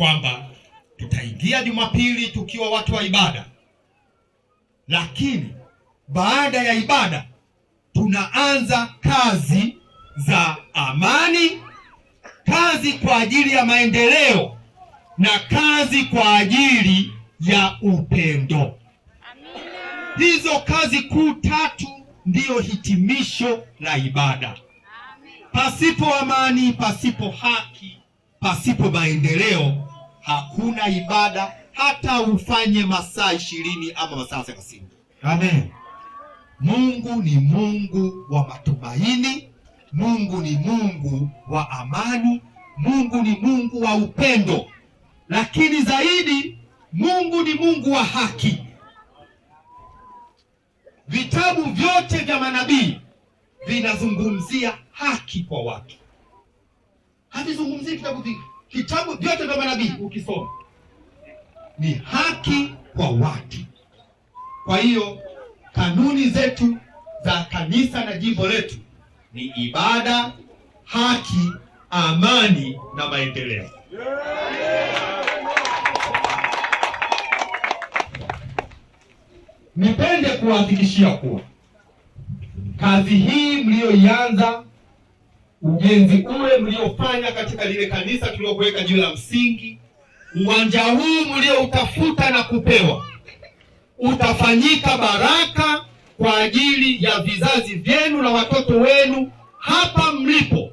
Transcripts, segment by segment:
kwamba tutaingia Jumapili tukiwa watu wa ibada, lakini baada ya ibada tunaanza kazi za amani, kazi kwa ajili ya maendeleo na kazi kwa ajili ya upendo. Amina. Hizo kazi kuu tatu ndiyo hitimisho la ibada. Pasipo amani, pasipo haki, pasipo maendeleo hakuna ibada hata ufanye masaa ishirini ama masaa thelathini. Amen. Mungu ni Mungu wa matumaini, Mungu ni Mungu wa amani, Mungu ni Mungu wa upendo, lakini zaidi Mungu ni Mungu wa haki. Vitabu vyote vya manabii vinazungumzia haki kwa watu, havizungumzii vitabu vingi Vitabu vyote vya manabii ukisoma ni haki kwa watu. Kwa hiyo kanuni zetu za kanisa na jimbo letu ni ibada, haki, amani na maendeleo. Nipende kuwahakikishia kuwa kazi hii mliyoianza ujenzi ule mliofanya katika lile kanisa tuliokuweka juu la msingi, uwanja huu mlioutafuta na kupewa utafanyika baraka kwa ajili ya vizazi vyenu na watoto wenu hapa mlipo,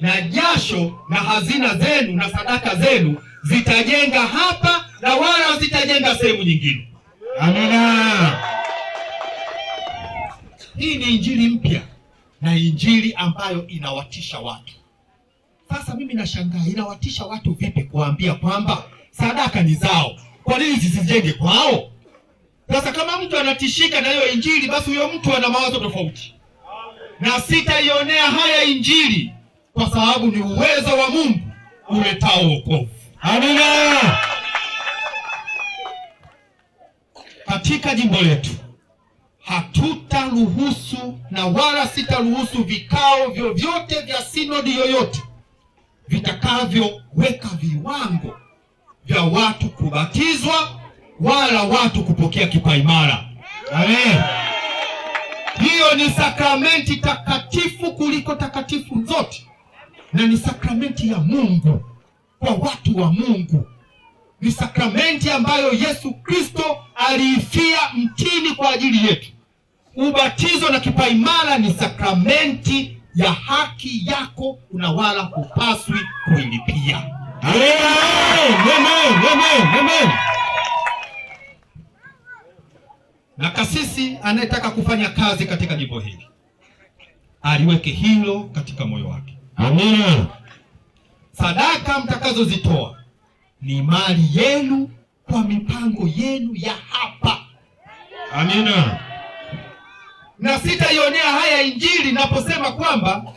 na jasho na hazina zenu na sadaka zenu zitajenga hapa na wala zitajenga sehemu nyingine. Amina. Hii ni injili mpya na injili ambayo inawatisha watu. Sasa mimi nashangaa inawatisha watu vipi kuambia kwamba sadaka ni zao? Kwa nini zisijenge kwao? Sasa kama mtu anatishika na hiyo injili, basi huyo mtu ana mawazo tofauti, na sitaionea haya injili kwa sababu ni uwezo wa Mungu uletao wokovu. Amina. Katika jimbo letu tutaruhusu na wala sitaruhusu vikao vyovyote vya sinodi yoyote vitakavyoweka viwango vya watu kubatizwa wala watu kupokea kipaimara. Amen. Hiyo ni sakramenti takatifu kuliko takatifu zote, na ni sakramenti ya Mungu kwa watu wa Mungu. Ni sakramenti ambayo Yesu Kristo aliifia mtini kwa ajili yetu ubatizo na kipaimara ni sakramenti ya haki yako, na wala hupaswi kuilipia. Na kasisi anayetaka kufanya kazi katika jimbo hili aliweke hilo katika moyo wake. Amina. Sadaka mtakazozitoa ni mali yenu kwa mipango yenu ya hapa. Amina na sitaionea haya Injili naposema kwamba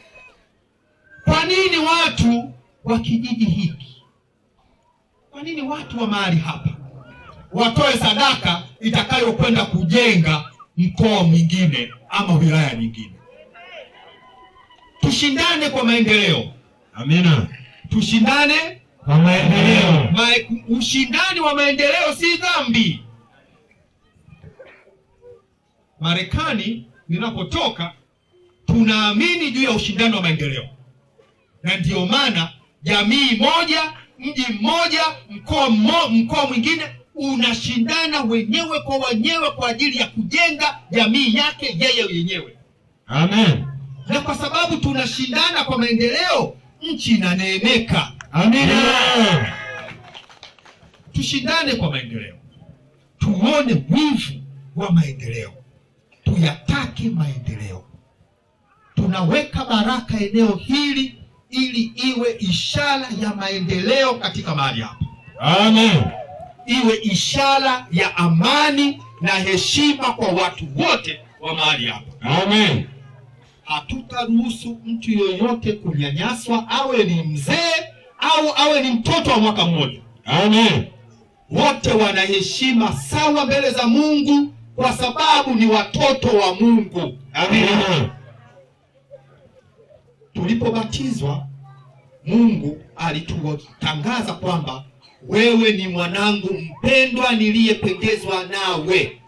kwa nini watu wa kijiji hiki, kwa nini watu wa mahali hapa watoe sadaka itakayokwenda kujenga mkoa mwingine ama wilaya nyingine? Tushindane kwa maendeleo. Amina, tushindane kwa maendeleo. Ma, ushindani wa maendeleo si dhambi. Marekani ninapotoka, tunaamini juu ya ushindano wa maendeleo, na ndiyo maana jamii moja, mji mmoja, mkoa mmo, mkoa mwingine unashindana wenyewe kwa wenyewe kwa ajili ya kujenga jamii yake yeye yenyewe. Amen. Na kwa sababu tunashindana kwa maendeleo, nchi inaneemeka. Amen. Tushindane kwa maendeleo, tuone wivu wa maendeleo. Hatuyataki maendeleo, tunaweka baraka eneo hili ili iwe ishara ya maendeleo katika mahali hapa. Amen. Iwe ishara ya amani na heshima kwa watu wote wa mahali hapa. Amen. Hatutaruhusu mtu yoyote kunyanyaswa, awe ni mzee au awe ni mtoto wa mwaka mmoja. Amen. Wote wana heshima sawa mbele za Mungu kwa sababu ni watoto wa Mungu. Amina. Tulipobatizwa, Mungu alitutangaza kwamba wewe ni mwanangu mpendwa niliyependezwa nawe.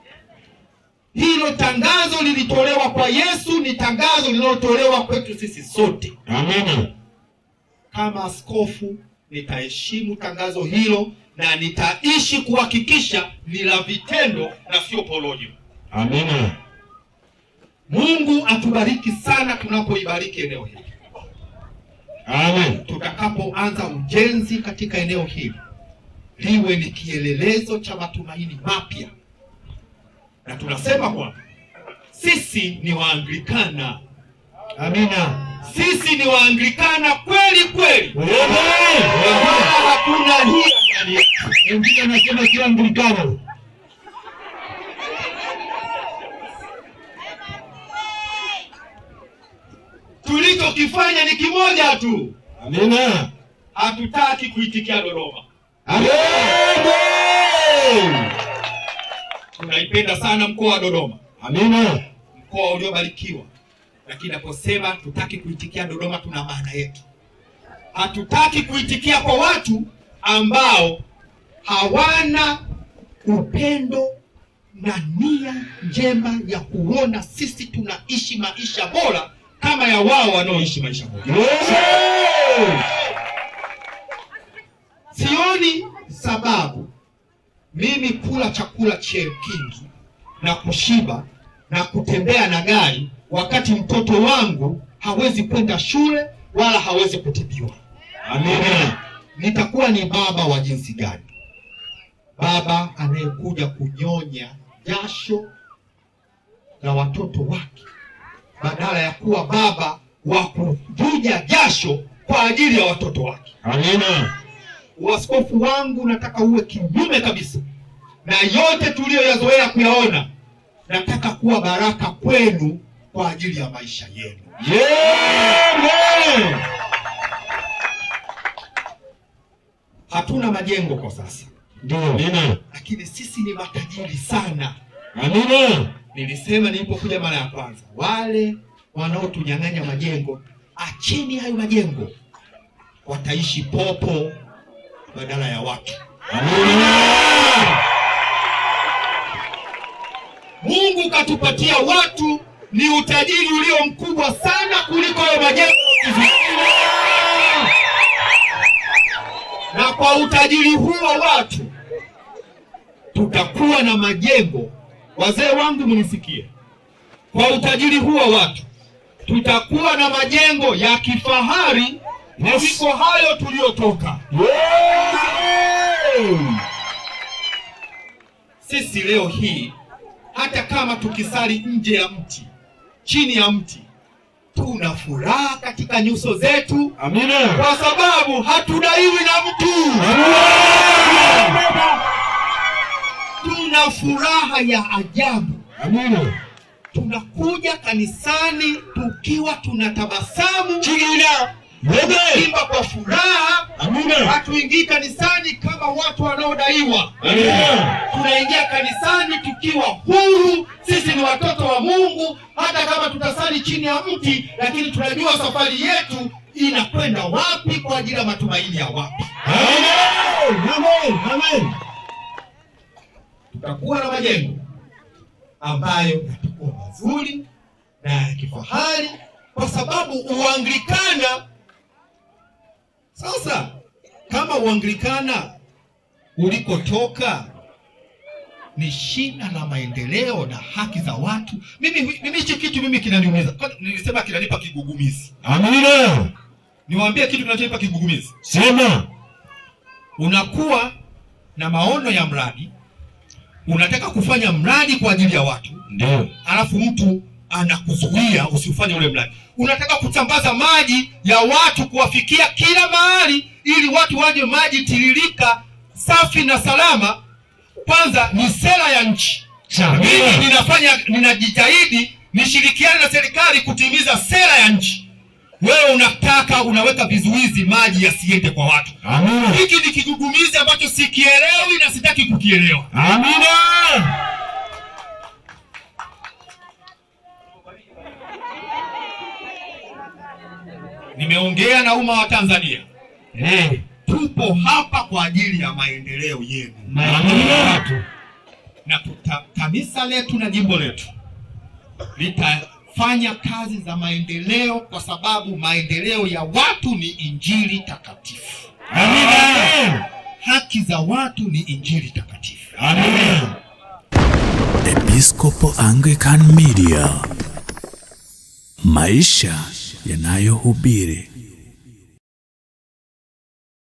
Hilo tangazo lilitolewa kwa Yesu, ni tangazo linalotolewa kwetu sisi sote. Amina. Kama askofu nitaheshimu tangazo hilo na nitaishi kuhakikisha ni la vitendo na sio porojo. Amina. Mungu atubariki sana tunapoibariki eneo hili. Amen. Tutakapoanza ujenzi katika eneo hili liwe ni kielelezo cha matumaini mapya, na tunasema kwamba sisi ni Waanglikana. Amina sisi ni Waanglikana kweli kweli, wala hakuna Wengine anasema kila Anglikana tulichokifanya ni kimoja tu. Amina, hatutaki kuitikia Dodoma. Amina, tunaipenda sana mkoa wa Dodoma. Amina, mkoa uliobarikiwa lakini naposema tutaki kuitikia Dodoma, tuna maana yetu. Hatutaki kuitikia kwa watu ambao hawana upendo na nia njema ya kuona sisi tunaishi maisha bora kama ya wao wanaoishi maisha bora. Yeah. Sioni sababu mimi kula chakula chekingi na kushiba na kutembea na gari wakati mtoto wangu hawezi kwenda shule wala hawezi kutibiwa. Amina. Nitakuwa ni baba wa jinsi gani? Baba anayekuja kunyonya jasho la watoto wake badala ya kuwa baba wa kuvuja jasho kwa ajili ya watoto wake. Amina. Uaskofu wangu nataka uwe kinyume kabisa na yote tuliyoyazoea kuyaona. Nataka kuwa baraka kwenu kwa ajili ya maisha yenu. hatuna majengo kwa sasa, ndio, lakini sisi ni matajiri sana. Amina. Nilisema nilipokuja mara ya kwanza, wale wanaotunyang'anya majengo, acheni hayo majengo, wataishi popo badala ya watu. Amina. Mungu katupatia watu ni utajiri ulio mkubwa sana kuliko hayo majengo na kwa utajiri huo watu tutakuwa na majengo. Wazee wangu mnisikie, kwa utajiri huo watu tutakuwa na majengo ya kifahari kuliko yes, hayo tuliyotoka. Sisi leo hii hata kama tukisali nje ya mti chini ya mti. Tuna furaha katika nyuso zetu, amina, kwa sababu hatudaiwi na mtu. Tuna furaha ya ajabu, amina. Tunakuja kanisani tukiwa tunatabasamu, chini imba kwa furaha, hatuingii kanisani kama watu wanaodaiwa. Tunaingia kanisani tukiwa huru. Sisi ni watoto wa Mungu, hata kama tutasali chini ya mti, lakini tunajua safari yetu inakwenda wapi kwa ajili ya matumaini ya wapi. Tutakuwa na majengo ambayo yatakuwa mazuri na ya kifahari, kwa sababu uanglikana sasa kama Uanglikana ulikotoka ni shina la maendeleo na haki za watu. Mimi mimi hicho kitu mimi kinaniumiza, nilisema kinanipa kigugumizi. Amina, niwaambie kitu kinachonipa kigugumizi. Sema unakuwa na maono ya mradi, unataka kufanya mradi kwa ajili ya watu, ndio alafu mtu anakuzuia usifanye ule mradi. Unataka kusambaza maji ya watu kuwafikia kila mahali, ili watu waje maji tiririka safi na salama. Kwanza ni sera ya nchi. Mimi ninafanya ninajitahidi nishirikiane na serikali kutimiza sera ya nchi. Wewe unataka unaweka vizuizi maji yasiende kwa watu. Hiki ni kigugumizi ambacho sikielewi na sitaki kukielewa. Amina. nimeongea na umma wa Tanzania eh. eh, tupo hapa kwa ajili ya maendeleo yenu, na tuta, kanisa letu na jimbo letu litafanya kazi za maendeleo, kwa sababu maendeleo ya watu ni injili takatifu. Amina. Haki za watu ni injili takatifu. Amina. Episcopal Anglican Media, maisha yanayohubiri